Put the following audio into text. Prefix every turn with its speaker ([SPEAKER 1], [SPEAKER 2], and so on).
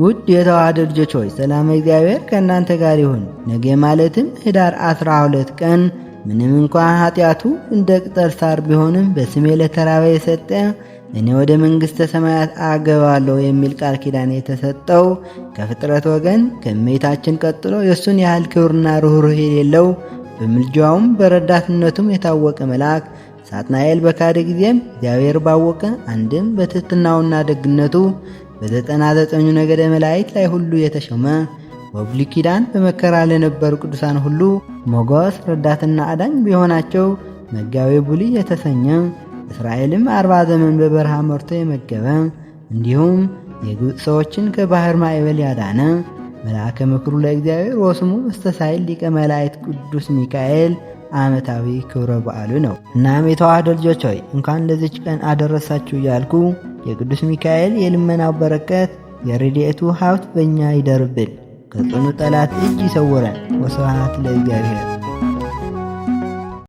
[SPEAKER 1] ውድ የተዋሕዶ ልጆች ሆይ ሰላም እግዚአብሔር ከእናንተ ጋር ይሁን። ነገ ማለትም ኅዳር 12 ቀን ምንም እንኳን ኃጢአቱ እንደ ቅጠር ሳር ቢሆንም በስሜ ለተራበ የሰጠ እኔ ወደ መንግሥተ ሰማያት አገባለሁ የሚል ቃል ኪዳን የተሰጠው ከፍጥረት ወገን ከእመቤታችን ቀጥሎ የእሱን ያህል ክብርና ርኅሩኅ የሌለው በምልጃውም በረዳትነቱም የታወቀ መልአክ ሳጥናኤል በካደ ጊዜም እግዚአብሔር ባወቀ አንድም በትሕትናውና ደግነቱ በዘጠና ዘጠኙ ነገደ መላእክት ላይ ሁሉ የተሾመ በብሉይ ኪዳን በመከራ ለነበሩ ቅዱሳን ሁሉ ሞገስ ረዳትና አዳኝ ቢሆናቸው መጋቤ ብሉይ የተሰኘ እስራኤልም አርባ ዘመን በበረሃ መርቶ የመገበ እንዲሁም የግብፅ ሰዎችን ከባህር ማዕበል ያዳነ መልአከ ምክሩ ለእግዚአብሔር ወስሙ በስተሳይል ሊቀ መላእክት ቅዱስ ሚካኤል ዓመታዊ ክብረ በዓሉ ነው። እናም የተዋህደ ልጆች ሆይ እንኳን ለዚች ቀን አደረሳችሁ እያልኩ የቅዱስ ሚካኤል የልመናው በረከት የረድኤቱ ሀብት በእኛ ይደርብን፣ ከጽኑ ጠላት እጅ ይሰውረን። ወስብሐት ለእግዚአብሔር።